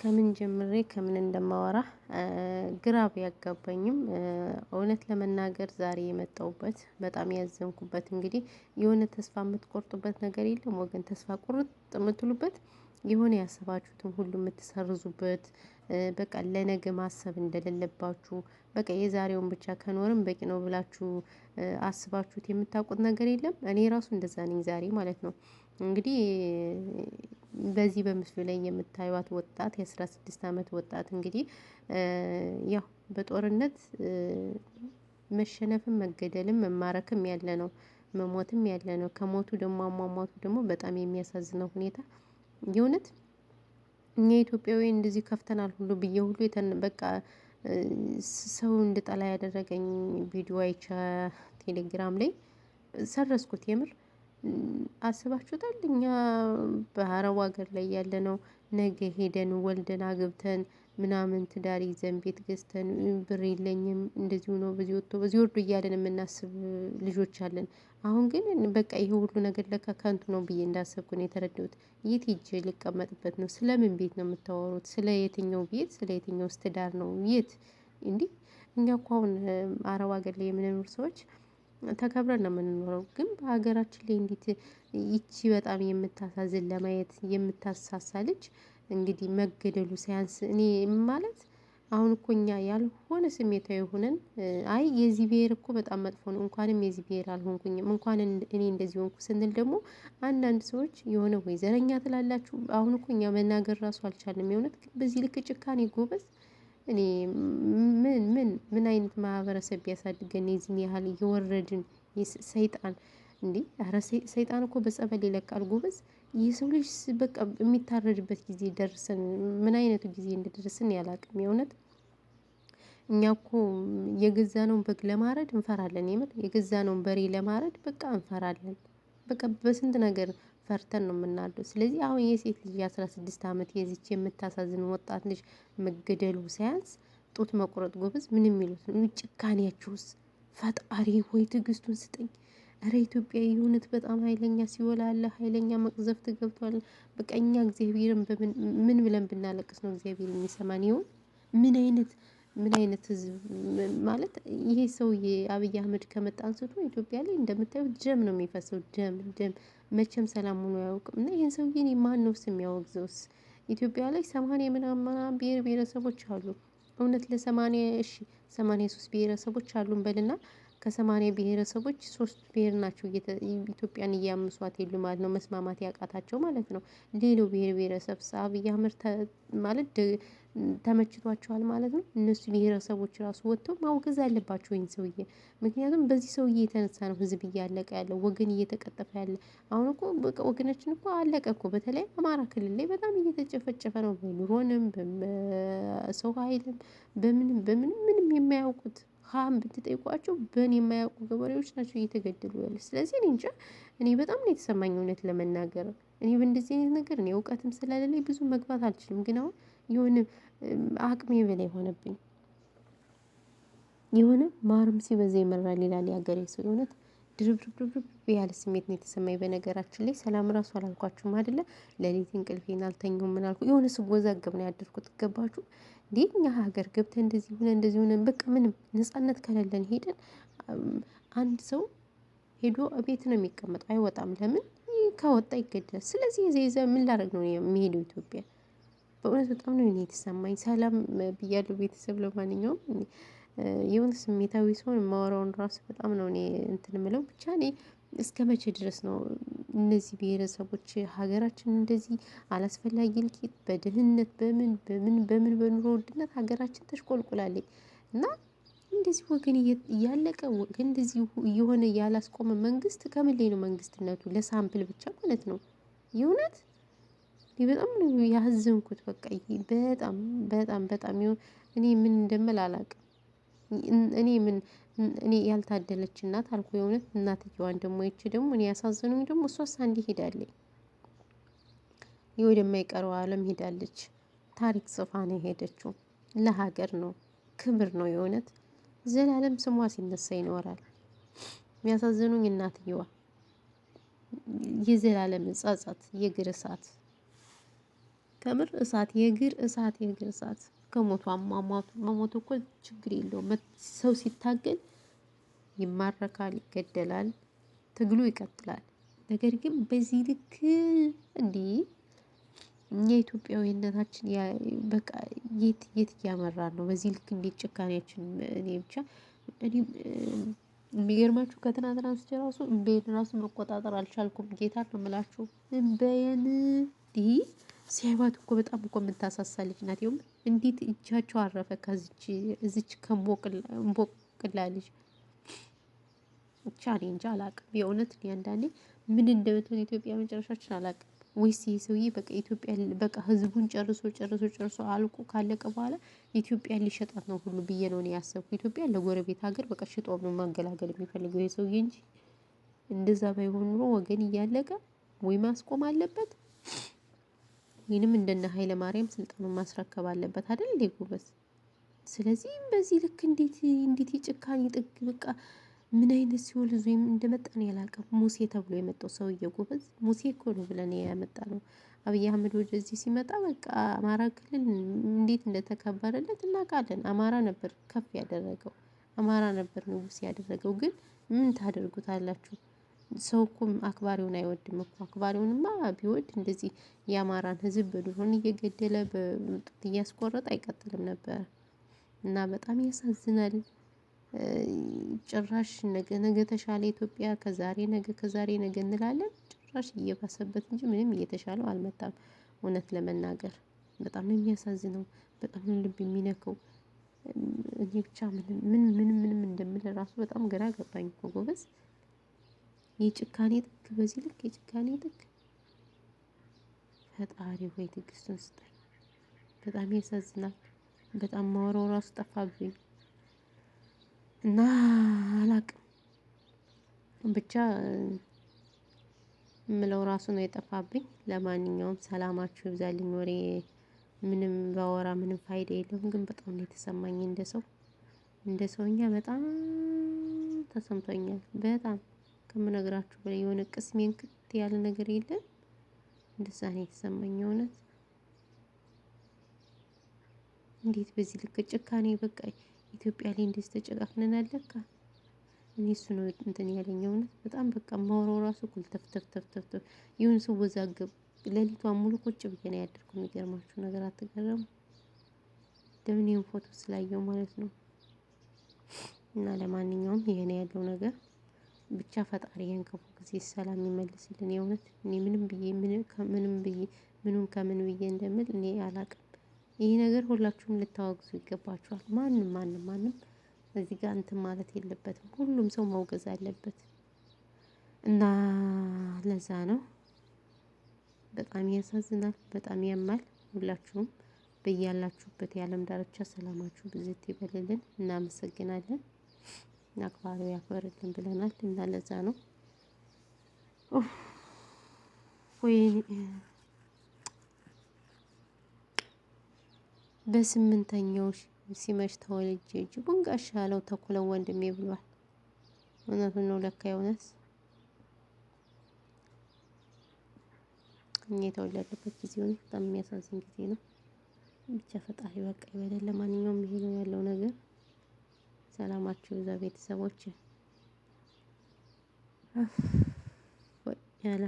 ከምን ጀምሬ ከምን እንደማወራ ግራ ቢያጋባኝም እውነት ለመናገር ዛሬ የመጣሁበት በጣም ያዘንኩበት እንግዲህ የሆነ ተስፋ የምትቆርጡበት ነገር የለም ወገን፣ ተስፋ ቁርጥ የምትሉበት የሆነ ያሰባችሁትን ሁሉ የምትሰርዙበት በቃ ለነገ ማሰብ እንደሌለባችሁ በቃ የዛሬውን ብቻ ከኖርም በቂ ነው ብላችሁ አስባችሁት የምታውቁት ነገር የለም። እኔ ራሱ እንደዛ ነኝ ዛሬ ማለት ነው። እንግዲህ በዚህ በምስሉ ላይ የምታዩት ወጣት የአስራ ስድስት አመት ወጣት እንግዲህ ያው በጦርነት መሸነፍም መገደልም መማረክም ያለ ነው መሞትም ያለ ነው። ከሞቱ ደግሞ አሟሟቱ ደግሞ በጣም የሚያሳዝነው ሁኔታ የእውነት እኛ ኢትዮጵያዊ እንደዚህ ከፍተናል ሁሉ ብዬ ሁሉ በቃ ሰው እንድጠላ ያደረገኝ ቪዲዮ አይቼ ቴሌግራም ላይ ሰረስኩት የምር አስባችሁታል? እኛ በአረብ ሀገር ላይ ያለ ነው። ነገ ሄደን ወልደን አግብተን ምናምን ትዳር ይዘን ቤት ገዝተን ብር የለኝም እንደዚሁ ነው በዚህ ወጥቶ በዚህ ወርዶ እያለን የምናስብ ልጆች አለን። አሁን ግን በቃ ይሄ ሁሉ ነገር ለካ ከንቱ ነው ብዬ እንዳሰብኩ ነው የተረዳሁት። የት ሄጄ ልቀመጥበት ነው ስለ ምን ቤት ነው የምታወሩት ስለ የትኛው ቤት ስለ የትኛው ስትዳር ነው የት? እንዲህ እኛ እኮ አሁን አረብ ሀገር ላይ የምንኖር ሰዎች ተከብረን ነው የምንኖረው። ግን በሀገራችን ላይ እንዴት ይቺ በጣም የምታሳዝን ለማየት የምታሳሳ ልጅ እንግዲህ መገደሉ ሳያንስ እኔ ማለት አሁን እኮ እኛ ያልሆነ ስሜታዊ ሆነን አይ የዚህ ብሄር እኮ በጣም መጥፎ ነው እንኳንም የዚህ ብሄር አልሆንኩኝም እንኳን እኔ እንደዚህ ሆንኩ ስንል ደግሞ አንዳንድ ሰዎች የሆነ ወይ ዘረኛ ትላላችሁ። አሁን እኮ እኛ መናገር ራሱ አልቻልም የሆነት ግን በዚህ ልክ ጭካኔ ጎበዝ። እኔ ምን ምን ምን አይነት ማህበረሰብ ቢያሳድገን የዚህን ያህል የወረድን ሰይጣን እንዴ! ኧረ ሰይጣን እኮ በጸበል ይለቃል ጎበዝ። የሰው ልጅ በቃ የሚታረድበት ጊዜ ደርሰን ምን አይነቱ ጊዜ እንደደረስን ያላቅም የእውነት እኛ እኮ ነውን በግ ለማረድ እንፈራለን። የምር ነውን በሬ ለማረድ በቃ እንፈራለን። በቃ በስንት ነገር ፈርተን ነው የምናድረው። ስለዚህ አሁን የሴት ልጅ የአስራ ስድስት አመት የዚች የምታሳዝን ወጣት ልጅ መገደሉ ሳያንስ ጡት መቁረጥ ጎበዝ ምን የሚሉት ጭካኔያችሁስ! ፈጣሪ ወይ ትዕግስቱን ስጠኝ። እረ ኢትዮጵያ የእውነት በጣም ኃይለኛ ሲወላ አለ ኃይለኛ መቅዘፍት ገብቷል። በቃ እኛ እግዚአብሔርን ምን ብለን ብናለቅስ ነው እግዚአብሔር የሚሰማን ይሆን? ምን አይነት ምን አይነት ህዝብ ማለት ይሄ ሰውዬ አብይ አህመድ ከመጣ አንስቶ ኢትዮጵያ ላይ እንደምታዩት ደም ነው የሚፈሰው። ደም ደም መቼም ሰላም ሆኖ አያውቅም። እና ይህን ሰውዬ ማን ነው ያወግዘውስ? ኢትዮጵያ ላይ ሰማንያ ምናምና ብሔር ብሔረሰቦች አሉ። እውነት ለሰማንያ እሺ ሰማንያ ሶስት ብሔረሰቦች አሉን በልና ከሰማኒያ ብሔረሰቦች ሶስት ብሔር ናቸው ኢትዮጵያን እያምሷት የሉ ማለት ነው። መስማማት ያቃታቸው ማለት ነው። ሌሎ ብሔር ብሔረሰብ አብይ አህመድ ማለት ተመችቷቸዋል ማለት ነው። እነሱ ብሔረሰቦች ራሱ ወጥተው ማውገዝ አለባቸው ይህን ሰውዬ። ምክንያቱም በዚህ ሰውዬ የተነሳ ነው ህዝብ እያለቀ ያለ ወገን እየተቀጠፈ ያለ። አሁን እኮ ወገናችን እኮ አለቀ እኮ። በተለይ አማራ ክልል ላይ በጣም እየተጨፈጨፈ ነው። በኑሮንም በሰው ኃይልም በምንም በምንም ምንም የማያውቁት ሀም ብትጠይቋቸው በእኔ የማያውቁ ገበሬዎች ናቸው እየተገደሉ ያሉ። ስለዚህ እኔ እንጃ እኔ በጣም ነው የተሰማኝ እውነት ለመናገር እኔ በእንደዚህ አይነት ነገር እኔ እውቀትም ስለሌለኝ ብዙ መግባት አልችልም። ግን አሁን የሆነ አቅሜ በላይ ሆነብኝ። የሆነ ማርም ሲበዛ ይመራል ይላል የሀገሬ ሰው። የእውነት ድርብርብርብ ያለ ስሜት ነው የተሰማኝ። በነገራችን ላይ ሰላም ራሱ አላልኳችሁም አይደለ? ለሌት እንቅልፌን አልተኛሁም። ምን አልኩ? የሆነ ስወዛገብ ነው ያደርኩት። ገባችሁ? እንዴ እኛ ሀገር ገብተን እንደዚህ ሆነ እንደዚህ ሆነን በቃ ምንም ነጻነት ከሌለን ሄደን አንድ ሰው ሄዶ ቤት ነው የሚቀመጠው አይወጣም። ለምን ከወጣ ይገደላል። ስለዚህ የዘይዘ ምን ላደርግ ነው የሚሄደው ኢትዮጵያ? በእውነት በጣም ነው እኔ የተሰማኝ። ሰላም ብያለሁ ቤተሰብ። ለማንኛውም የሆነ ስሜታዊ ሲሆን የማወራውን ራሱ በጣም ነው እኔ እንትን ምለው ብቻ እኔ እስከ መቼ ድረስ ነው እነዚህ ብሔረሰቦች ሀገራችን እንደዚህ አላስፈላጊ እልቂት በድህነት በምን በምን በምን በኑሮ ውድነት ሀገራችን ተሽቆልቁላለች እና እንደዚህ ወገን እያለቀ ወገን እንደዚህ እየሆነ ያላስቆመ መንግስት ከምሌ ነው መንግስትነቱ? ለሳምፕል ብቻ ማለት ነው። የእውነት በጣም ነው ያዘንኩት። በቃ በጣም በጣም በጣም እኔ ምን እንደምል አላውቅም። እኔ ምን እኔ ያልታደለች እናት አልኩ። የእውነት እናትየዋን ደግሞ ይቺ ደግሞ እኔ ያሳዝኑኝ ደግሞ እሷስ አንዴ ሄዳለኝ ይህ ወደማይቀረው ዓለም ሄዳለች። ታሪክ ጽፋ ነው የሄደችው። ለሀገር ነው ክብር ነው የእውነት ዘላለም ስሟ ሲነሳ ይኖራል። የሚያሳዝኑኝ እናትየዋ የዘላለም እጻጻት የእግር እሳት ከምር እሳት፣ የእግር እሳት፣ የእግር እሳት ከሞቱ አሟሟቱ መሞቱ እኮ ችግር የለውም። ሰው ሲታገል ይማረካል፣ ይገደላል፣ ትግሉ ይቀጥላል። ነገር ግን በዚህ ልክ እንዲህ እኛ ኢትዮጵያዊነታችን በቃ የት የት እያመራን ነው? በዚህ ልክ እንዴት ጭካኔያችን! እኔ ብቻ የሚገርማችሁ ከትናንትና አንስቼ ራሱ እምበይን ራሱ መቆጣጠር አልቻልኩም። ጌታ ነው የምላችሁ እምበየን ዲ ሲያይባት እኮ በጣም እኮ የምታሳሳ ልጅ ናት። እንዴት እጃቸው አረፈ ከዚች እዚች ከሞቅላ ልጅ ብቻ እንጃ አላቅም። የእውነት እኔ አንዳንዴ ምን እንደምትሆን ኢትዮጵያ መጨረሻችን አላቅም። ወይስ ይህ ሰውዬ በቃ ኢትዮጵያ በቃ ህዝቡን ጨርሶ ጨርሶ ጨርሶ አልቆ ካለቀ በኋላ ኢትዮጵያን ሊሸጣት ነው ሁሉ ብዬ ነው ያሰብኩ። ኢትዮጵያ ለጎረቤት ሀገር በቃ ሽጦ ነው ማገላገል የሚፈልገው ይህ ሰውዬ እንጂ እንደዛ ባይሆን ኑሮ ወገን እያለቀ ወይ ማስቆም አለበት ወይንም እንደነ ኃይለ ማርያም ስልጣኑን ማስረከብ አለበት አይደል እንዴ ጎበዝ? ስለዚህም በዚህ ልክ እንዴት እንዴት የጭካኔ ጥግ በቃ ምን አይነት ሲሆን ልዙ እንደመጣን ያላቀም ሙሴ ተብሎ የመጣው ሰውዬ ጎበዝ ሙሴ እኮ ነው ብለን ያመጣ ነው። አብይ አህመድ ወደዚህ ሲመጣ በቃ አማራ ክልል እንዴት እንደተከበረለት እናውቃለን። አማራ ነበር ከፍ ያደረገው፣ አማራ ነበር ንጉስ ያደረገው። ግን ምን ታደርጉታላችሁ? ሰው እኮ አክባሪውን አይወድም እኮ አክባሪውንማ ቢወድ እንደዚህ የአማራን ህዝብ በድሮን እየገደለ በጡት እያስቆረጠ አይቀጥልም ነበር። እና በጣም ያሳዝናል። ጭራሽ ነገ ነገ ተሻለ ኢትዮጵያ ከዛሬ ነገ ከዛሬ ነገ እንላለን ጭራሽ እየባሰበት እንጂ ምንም እየተሻለው አልመጣም። እውነት ለመናገር በጣም ነው የሚያሳዝነው በጣም ልብ የሚነከው እኔ ብቻ ምን ምን ምን ምንም እንደምል ራሱ በጣም ግራ ገባኝ እኮ ጎበዝ የጭካኔ ጥግ በዚህ ልክ የጭካኔ ጥግ። ፈጣሪ ሆይ ትዕግስቱን ስጠኝ። በጣም ያሳዝናል። በጣም ማወራው ራሱ ጠፋብኝ እና አላቅም ብቻ ምለው ራሱ ነው የጠፋብኝ። ለማንኛውም ሰላማችሁ ይብዛልኝ። ወሬ ምንም ባወራ ምንም ፋይዳ የለውም፣ ግን በጣም ነው የተሰማኝ እንደ ሰው እንደ ሰውኛ በጣም ተሰምቶኛል በጣም ከምነግራችሁ በላይ የሆነ ቅስሜን ክት ያለ ነገር የለም። እንደዛ ነው የተሰማኝ። እውነት እንዴት በዚህ ልክ ጭካኔ በቃ ኢትዮጵያ ላይ እንደዚህ ተጨቃፍነናል አለካ። እኔ እሱ ነው እንትን ያለኝ እውነት በጣም በቃ ማውራው ራሱ ኩል ተፍተፍ ተፍተፍ ይሁን ስወዛገብ ሌሊቷን ሙሉ ቁጭ ብዬ ነው ያደርኩ። የሚገርማችሁ ነገር አትገረሙ። ለምን ይሄን ፎቶ ስላየው ማለት ነው። እና ለማንኛውም ይሄ ነው ያለው ነገር። ብቻ ፈጣሪ ይህን ክፉ ጊዜ ሰላም ይመልስልን። የእውነት እኔ ምንም ብዬ ምንም ብዬ ምኑን ከምን ብዬ እንደምል እኔ አላቅም። ይህ ነገር ሁላችሁም ልታወግዙ ይገባችኋል። ማንም ማንም ማንም እዚህ ጋር እንትን ማለት የለበትም። ሁሉም ሰው መውገዝ አለበት እና ለዛ ነው በጣም ያሳዝናል፣ በጣም ያማል። ሁላችሁም በያላችሁበት የዓለም ዳርቻ ሰላማችሁ ብዝት ይበልልን። እናመሰግናለን። አክባሪ ያክበርልን ብለናል እና ለዛ ነው። ወይ በስምንተኛው ሲመሽ ተወልጄ እጅጉን ጋሻ ያለው ተኩለው ወንድሜ ብሏል። እውነቱ ነው ለካ የእውነት እኛ የተወለደበት ጊዜ ሆነ በጣም የሚያሳዝን ጊዜ ነው። ብቻ ፈጣሪ በቃ ይበለን። ለማንኛውም ይሄ ነው ያለው ነገር። ሰላማችሁ ይብዛ ቤተሰቦች ያለ